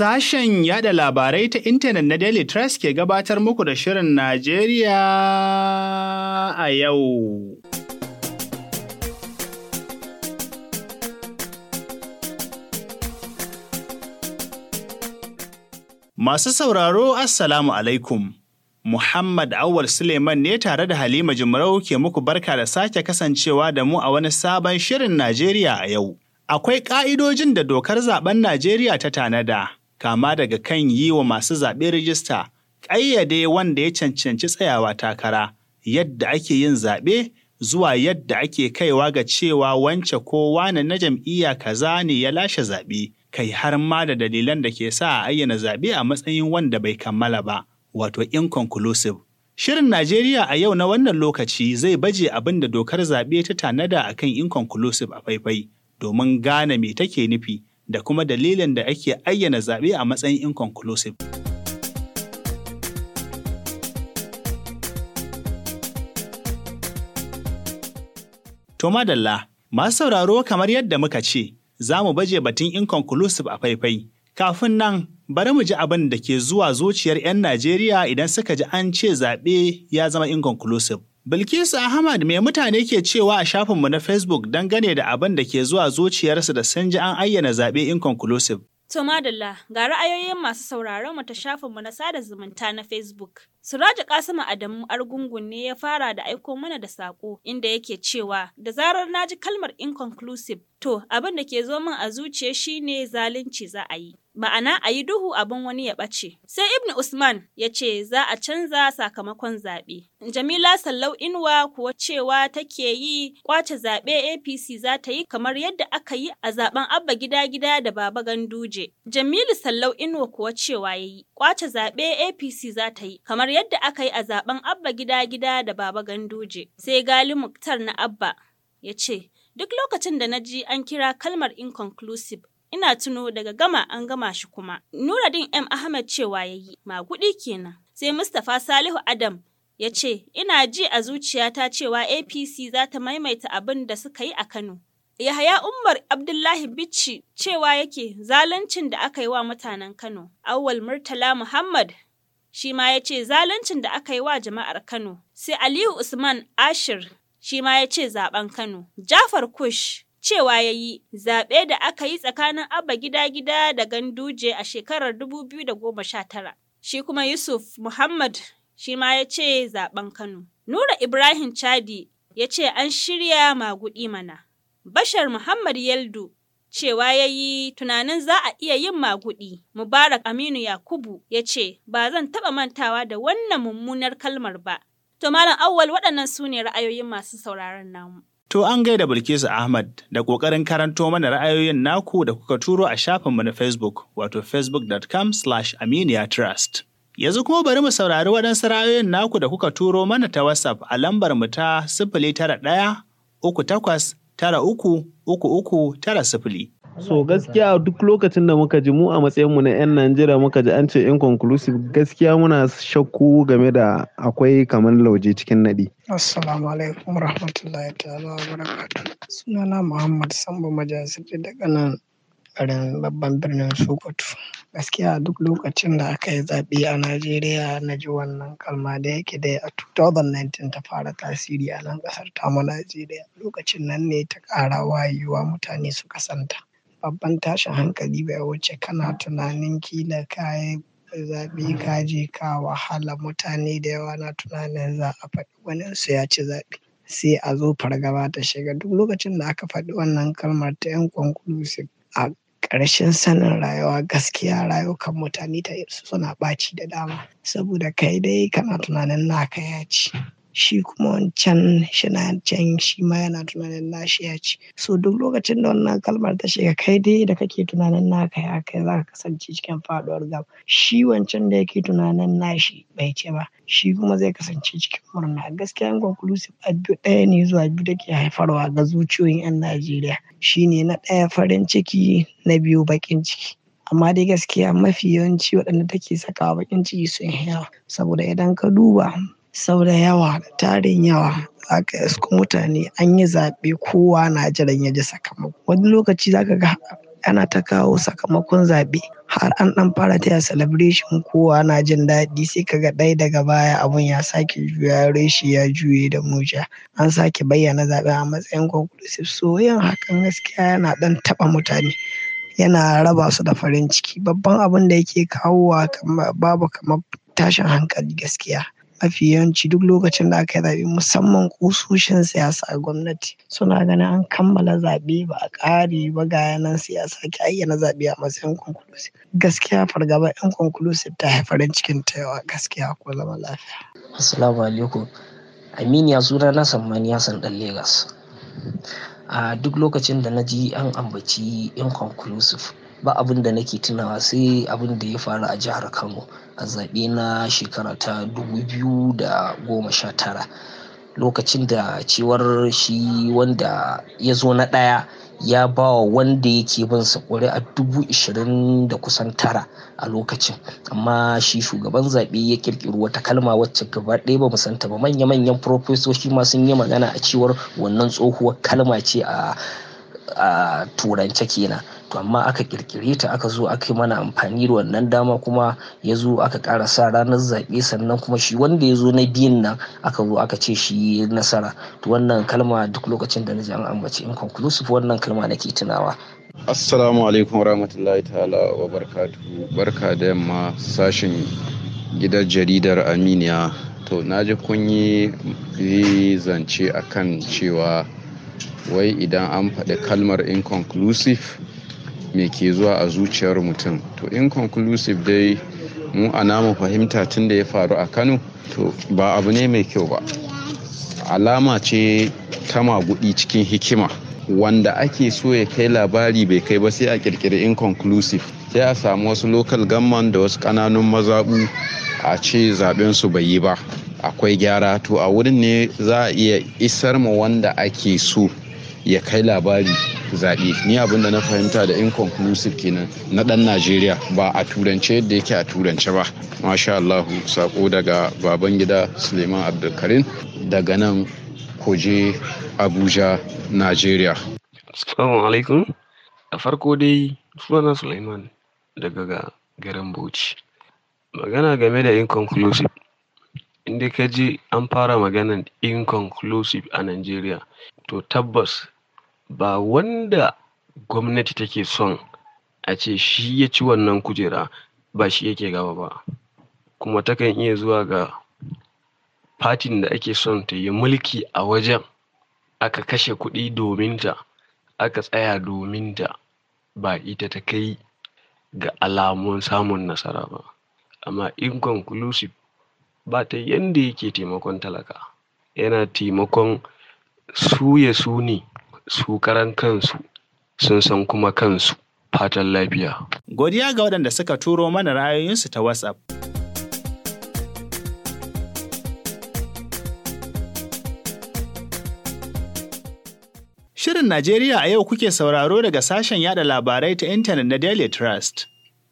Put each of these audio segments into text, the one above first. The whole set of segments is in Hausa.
Sashen yada labarai ta intanet na Daily Trust ke gabatar muku da Shirin Najeriya a yau. Masu sauraro, Assalamu alaikum. Muhammad Awal Suleiman ne tare da Halima Jumrau ke muku barka da sake kasancewa da mu a wani sabon Shirin Najeriya a yau. Akwai ƙa'idojin da dokar zaben Najeriya ta tanada. kama daga kan yi wa masu zaɓe rijista ƙayyade wanda ya cancanci tsayawa takara yadda ake yin zaɓe zuwa yadda ake kaiwa ga cewa wance ko wane na jam'iyya kaza ne ya lashe zaɓe kai har ma da dalilan da ke sa a ayyana zaɓe a matsayin wanda bai kammala ba wato inconclusive Shirin Najeriya a yau na wannan lokaci zai baje abin da dokar zaɓe ta tanada a kan inconclusive a faifai domin gane me take nufi da kuma dalilin da ake ayyana zaɓe a matsayin inconclusive. To madalla, masu sauraro kamar yadda muka ce, za mu baje batun inconclusive a faifai. Kafin nan, bari mu ji abin da ke zuwa zuciyar 'yan Najeriya idan suka ji an ce zaɓe ya zama inconclusive. Bilkisu Ahmad mai mutane ke cewa a shafinmu na Facebook dangane da abin da ke zuwa zuciyarsu da sun ji an ayyana zaɓe inconclusive. To madalla ga ra'ayoyin masu sauraron mu ta shafinmu na sada zumunta na Facebook. Suraja Kasimu Adamu Argungun ne ya fara da aiko mana da saƙo inda yake cewa da zarar na ji kalmar inconclusive to abin da ke zo min a zuciya shine zalunci za a yi. ma'ana a yi duhu abin wani ya ɓace. Sai Ibn Usman ya ce za a canza sakamakon zaɓe. Jamila Sallau Inuwa kuwa cewa take yi kwace zaɓe APC za ta yi kamar yadda aka yi a zaɓen Abba Gida Gida da Baba Ganduje. Jamilu Sallau Inuwa kuwa cewa ya yi kwace zaɓe APC za ta yi kamar yadda aka yi a zaɓen Abba Gida Gida da Baba Ganduje. Sai Gali Muktar na Abba ya ce, Duk lokacin da na ji an kira kalmar inconclusive ina tuno daga gama an gama shi kuma. Nura Nuradin M. Ahmed cewa ya yi, maguɗi kenan. Sai Mustapha Salihu Adam ya ce, ina ji a zuciyata cewa APC za ta maimaita abin da suka yi a Kano. Yahaya Umar Abdullahi Bicci cewa yake zaluncin da aka yi wa mutanen Kano. Awwal Murtala Muhammad shi ma ya ce zaluncin da aka yi wa jama'ar Kano. Sai Aliyu Usman Ashir shi ma ya ce zaben Kano. Jafar Kush cewa ya yi zaɓe da aka yi tsakanin abba gida gida da ganduje a shekarar 2019. Shi kuma Yusuf Muhammad shi ma ya ce zaɓen Kano. Nura Ibrahim Chadi ya ce an shirya maguɗi mana. Bashar Muhammad Yeldu cewa ya yi tunanin za a iya yin maguɗi. Mubarak Aminu Yakubu ya ce ba zan taɓa mantawa da wannan mummunar kalmar ba. To Malam Awwal waɗannan su ne ra'ayoyin masu sauraron namu. To an gaida Bilkisu Ahmad da ƙoƙarin karanto mana ra'ayoyin naku da kuka turo a shafinmu na Facebook wato facebook.com slash trust Yanzu kuma bari mu saurari waɗansu ra'ayoyin naku da kuka turo mana ta WhatsApp a lambar mu ta sifili tara ɗaya uku takwas tara uku uku uku tara sifili. So gaskiya duk lokacin da muka ji mu a matsayin mu na 'yan Najeriya muka ji an ce inconclusive gaskiya muna shakku game da akwai kamar lauje cikin nadi. Assalamu alaikum rahmatullahi ta'ala wa barakatuh. Sunana Muhammad Sambo Majasir daga nan garin babban birnin Sokoto. Gaskiya duk lokacin da aka yi zaɓe a Najeriya na ji wannan kalma da yake dai a 2019 ta fara tasiri a nan ƙasar tamu Najeriya. Lokacin nan ne ta ƙara wayewa mutane suka santa. babban tashin hankali bai wuce kana tunanin kila ka yi zaɓe ka je ka wahala mutane da yawa na tunanin za a faɗi su ya ci zaɓe sai a zo fargaba ta shiga. Duk lokacin da aka faɗi wannan kalmar ta inconclusive a ƙarshen sanin rayuwa gaskiya rayukan mutane ta suna ɓaci da dama saboda kai dai kana tunanin naka ya ci. shi kuma wancan shina can shi ma yana tunanin nashi ya ci so duk lokacin da wannan kalmar ta shiga kai dai da kake tunanin naka ya kai za ka kasance cikin faduwar gam shi wancan da yake tunanin nashi bai ce ba shi kuma zai kasance cikin murna gaskiya inconclusive a ɗaya ne zuwa biyu da ke haifarwa ga zuciyoyin 'yan najeriya shine na ɗaya farin ciki na biyu baƙin ciki amma dai gaskiya mafi yawanci waɗanda take sakawa baƙin ciki sun yawa saboda idan ka duba sau da yawa da tarin yawa za ka isko mutane an yi zaɓe kowa na jiran ya ji sakamako wani lokaci za ka ga ana ta kawo sakamakon zaɓe har an ɗan fara taya celebration kowa na jin daɗi sai ka ga ɗaya daga baya abun ya sake juya reshi ya juye da muja an sake bayyana zaɓe a matsayin conclusive so yin hakan gaskiya yana ɗan taɓa mutane yana raba su da farin ciki babban abin da yake kawowa babu kamar tashin hankali gaskiya mafi yawanci duk lokacin da aka yi zaɓe musamman ƙusoshin siyasa a gwamnati suna ganin an kammala zaɓe ba a ƙare ba ga yanan siyasa ki ayyana zaɓe a matsayin conclusive gaskiya fargaba yan conclusive ta haifar cikin ta yawa gaskiya ko zama lafiya. Assalamu alaikum Aminiya suna na Sammani Hassan ɗan Legas. A duk lokacin da na ji an ambaci inconclusive ba abin da nake tunawa sai abin da ya faru a jihar kano a zaɓe na shekara ta goma sha tara, lokacin da cewar shi wanda ya zo na ɗaya ya ba wa wanda yake bin sa a dubu ishirin da kusan tara a lokacin amma shi shugaban zaɓe ya ƙirƙiri wata kalma wacce gaba ɗaya ba musanta ba manya-manyan profesoshi ma sun yi magana a cewar wannan tsohuwar kalma ce a turance kenan amma aka kirkire ta aka zo aka yi mana amfani da wannan dama kuma ya zo aka ƙara sa ranar zaɓe sannan kuma shi wanda ya zo na biyun nan aka zo aka ce shi nasara to wannan kalma duk lokacin da na ji an ambaci conclusive wannan kalma nake tunawa assalamu alaikum warahmatullahi ta'ala wa barkatu barka da yamma sashen gidan jaridar aminiya to na ji kun yi zance akan cewa wai idan an faɗi kalmar inconclusive me ke zuwa a zuciyar mutum to in inconclusive dai mu a namu fahimta tun da ya faru a kano to ba abu ne mai kyau ba alama ce ta magudi cikin hikima wanda ake so ya kai labari bai kai ba sai a kirkiri inconclusive sai a samu wasu local gamman da wasu kananun mazaɓu a ce zaben su bai yi ba akwai gyara to a wurin ne za a iya isar ma wanda ake so ya kai labari zaɓe ni abin da na fahimta da inconclusive kenan na ɗan najeriya ba a turance yadda yake a turance ba masha allahu sako daga baban gida suleiman abdulkarim daga nan koje abuja najeriya Salamu alaikum a farko dai sunana suleiman daga garin bauchi magana game da inconclusive indai ka je an fara maganan inconclusive a Najeriya to tabbas ba wanda gwamnati take son a ce shi ya ci wannan kujera ba shi yake gaba ba kuma takan iya zuwa ga fatin da ake son ta yi mulki a wajen aka kashe kuɗi dominta aka tsaya dominta ba ita ta kai ga alamun samun nasara ba amma inconclusive ba ta yanda yake taimakon talaka yana taimakon su ya su ne su karan kansu sun san kuma kansu fatan lafiya. Godiya ga waɗanda suka turo mana ra'ayoyinsu ta WhatsApp. Shirin Najeriya a yau kuke sauraro daga sashen yada labarai ta intanet na Daily Trust.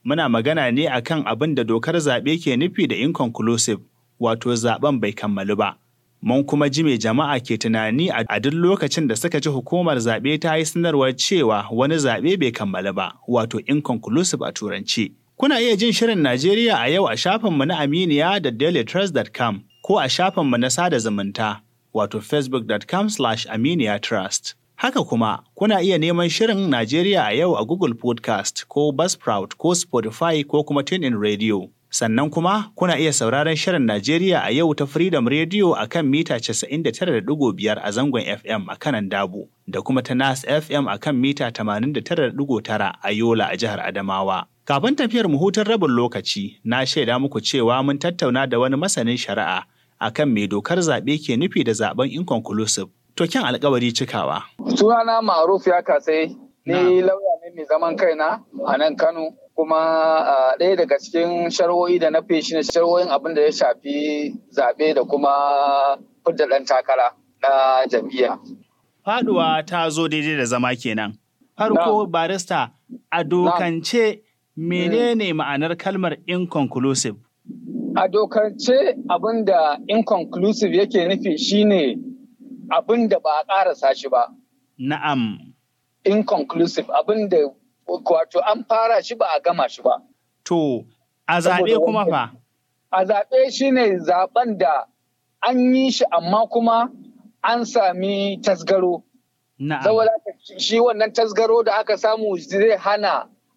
Muna magana ne akan abin da dokar zaɓe ke nufi da inconclusive. wato zaben bai kammalu ba. Mun kuma ji mai jama'a ke tunani a duk lokacin da suka ji hukumar zaɓe ta yi sanarwar cewa wani zaɓe bai kammalu ba, wato inconclusive a turanci. Kuna iya jin shirin Najeriya a yau a shafinmu na Aminiya da dailytrust.com ko a shafinmu na sada zumunta, wato facebook.com slash trust Haka kuma, kuna iya neman shirin Najeriya a yau a Google Podcast ko Buzzsprout ko Spotify ko kuma TuneIn Radio. Sannan kuma kuna iya sauraron Shirin Najeriya a yau ta Freedom Radio a kan mita 99.5 a zangon FM a kanan Dabo da kuma ta Nas FM a kan mita 89.9 a Yola a jihar Adamawa. Kafin tafiyar mu hutun rabin lokaci, na shaida muku cewa mun tattauna da wani masanin shari'a a kan mai dokar zaɓe ke nufi da zaɓen inconclusive. To kyan alkawari cikawa. Sunana Ma'aruf ya kasai, ni lauya ne mai zaman kaina a nan Kano. kuma ɗaya daga cikin sharwoyi da na feshi na sharwoyin abin da ya shafi zaɓe da kuma fidda ɗan takara na jam'iyya. Faɗuwa ta zo daidai da zama kenan. Farko barista a dokance menene ma'anar kalmar inconclusive? A dokance abin da inconclusive yake nufi shine abin da ba a ƙarasa shi ba. Na'am. Inconclusive abin da wato an fara shi ba a gama shi ba. To, a zaɓe kuma fa? A zaɓe shi ne zaɓen da an yi shi amma kuma an sami tasgaro. Na'am! shi wannan tasgaro da aka samu zai hana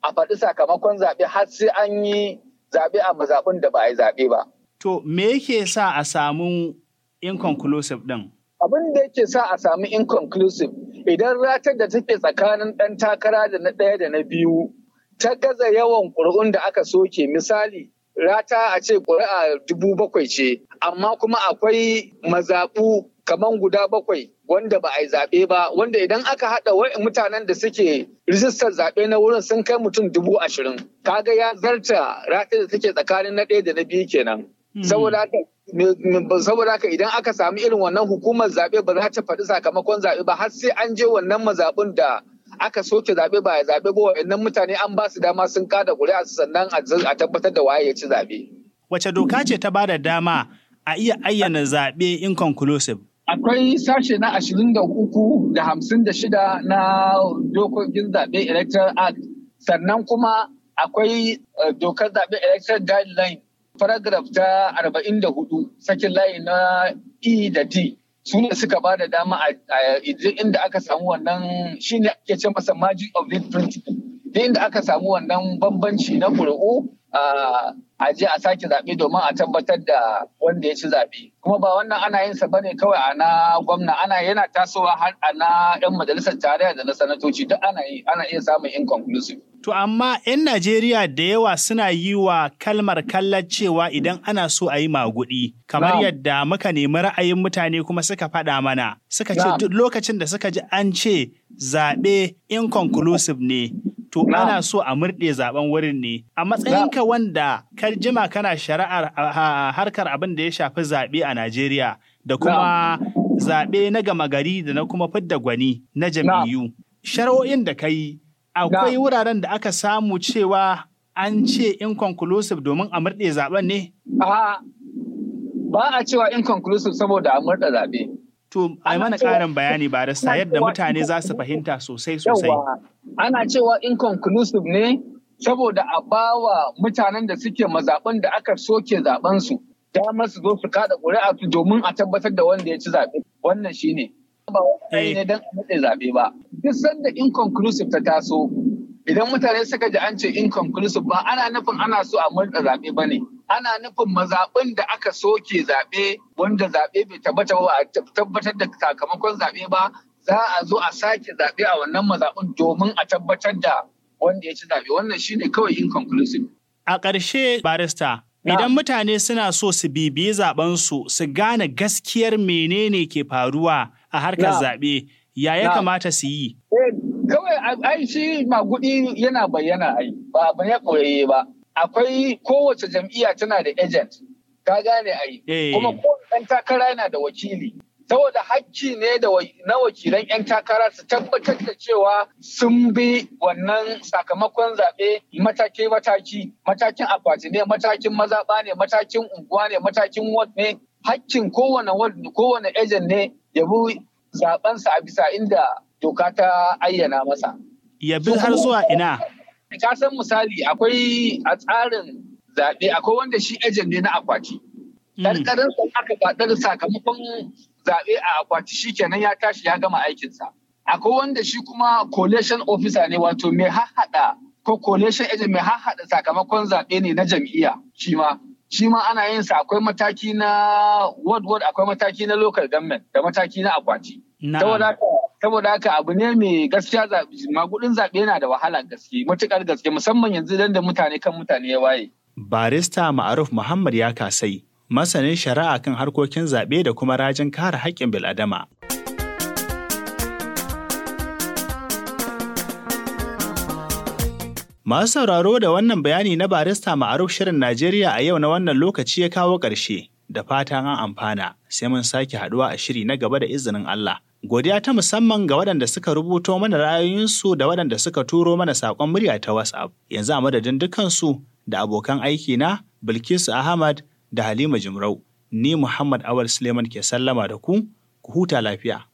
a faɗi sakamakon zaɓe har sai an yi zaɓe a mazaɓin da ba a yi zaɓe ba. To, me yake sa a samu inconclusive ɗin? abin da yake sa a sami inconclusive idan ratar da take tsakanin ɗan takara da na ɗaya da na biyu ta gaza yawan ƙuri'un da aka soke misali rata a ce ƙuri'a dubu bakwai ce amma kuma akwai mazaɓu kamar guda bakwai wanda ba a yi zaɓe ba wanda idan aka haɗa mutanen da suke rijistar zaɓe na wurin sun kai mutum dubu ashirin kaga ya zarta ratar da take tsakanin na ɗaya da na biyu kenan hmm. saboda saboda haka idan aka samu irin wannan hukumar zaɓe ba za ta faɗi sakamakon zaɓe ba har sai an je wannan mazaɓin da aka soke zaɓe ba ya zaɓe ba wa'annan mutane an ba su dama sun kada ƙuri'a sannan a tabbatar da waye ya ci zaɓe. Wace doka ce ta ba da dama a iya ayyana zaɓe inconclusive? Akwai sashe na ashirin da uku da hamsin da shida na dokokin zaɓe Electoral Act sannan kuma akwai eh, dokar zaɓe Electoral Guideline faragraf ta 44 sakin layi na E da D su ne suka ba da dama a inda aka samu wannan shine ake ce masa magic of the principle inda aka samu wannan bambanci na ƙuri'u a je a sake zaɓe domin a tabbatar da wanda ya ci zaɓe kuma ba wannan ana yin sa bane kawai a na gwamna ana yana tasowa har a na 'yan majalisar tarayya da na sanatoci duk ana ana iya samun inconclusive To amma 'yan Najeriya da yawa suna yi wa kalmar kallon cewa idan ana so a yi maguɗi, kamar yadda muka nemi ra'ayin mutane kuma suka faɗa mana, suka ce duk lokacin da suka ji an ce zaɓe inconclusive ne, to ana so a murɗe zaɓen wurin ne. A matsayinka wanda ka jima kana shari'ar harkar abin da ya shafi zaɓe a Najeriya da kuma zaɓe na gama gari da na kuma fidda gwani na jam'iyyu. Shari'o'in da ka yi akwai wuraren da aka samu cewa an ce inconclusive domin a murɗe zaben ne? A'a, ba a cewa inconclusive saboda a murɗe zaɓe. To, a mana ƙarin bayani ba da yadda mutane za su fahimta sosai sosai. Ana cewa inconclusive ne saboda a bawa mutanen da suke mazaɓen da aka soke zaɓensu damar su zo su kaɗa ƙuri'a domin a tabbatar da wanda ya ci zaɓe. Wannan shi ne. ba wani ne eh. don a zaɓe ba. Duk sanda inconclusive ta taso idan mutane suka ji an ce inconclusive ba ana nufin ana so a murɗa zaɓe ba ne ana nufin mazaɓin da aka soke zaɓe wanda zaɓe bai tabbata ba a tabbatar da sakamakon zaɓe ba za a zo a sake zaɓe a wannan mazaɓin domin a tabbatar da wanda ya ci zaɓe wannan shine kawai inconclusive a ƙarshe barista Idan mutane suna so su bibiyi zaɓen su su gane gaskiyar menene ke faruwa a harkar zaɓe, ya ya kamata su yi? Eh, kawai ai shi magudi yana bayyana ai, ba ba ya ɓoyayye ba. Akwai kowace jam'iyya tana da agent, ka gane ai, eh. kuma kowace ɗan takara yana da wakili. saboda hakki ne da na wakilan 'yan takara su tabbatar da cewa sun bi wannan sakamakon zaɓe mataki-mataki matakin akwati ne matakin mazaɓa ne matakin unguwa ne matakin wad ne hakkin kowane kowane ejen ne ya bi zaɓensa a bisa inda doka ta ayyana masa. Ya bi har zuwa ina? Ka san misali akwai a tsarin zaɓe akwai wanda shi ejen ne na akwati. Ɗanɗarin hmm. aka faɗar sakamakon zaɓe a akwati shi kenan ya tashi ya gama aikinsa. Akwai wanda shi kuma collation officer ne wato mai hahaɗa ko collation agent mai hahaɗa sakamakon zaɓe ne na jam'iyya shi ma. Shi ma ana yin sa akwai mataki na ward ward akwai mataki na local government da mataki na akwati. Saboda haka abu ne mai gaskiya magudin zaɓe yana da wahala gaske matuƙar gaske musamman yanzu dan da mutane kan mutane ya waye. Barista Ma'aruf Muhammad ya kasai masanin shari'a kan harkokin zaɓe da kuma rajin kare haƙƙin bil'adama. Masu sauraro da wannan bayani na barista ma'aruf shirin Najeriya a yau na wannan lokaci ya kawo ƙarshe da fatan an amfana sai mun sake haɗuwa a shiri na gaba da izinin Allah. Godiya ta musamman ga waɗanda suka rubuto mana ra'ayoyinsu da waɗanda suka turo mana saƙon murya ta WhatsApp. Yanzu a madadin dukansu da abokan aiki na Bilkisu Ahmad da Halima Jimrau, ni Muhammad Awal Suleiman ke sallama da ku, ku huta lafiya.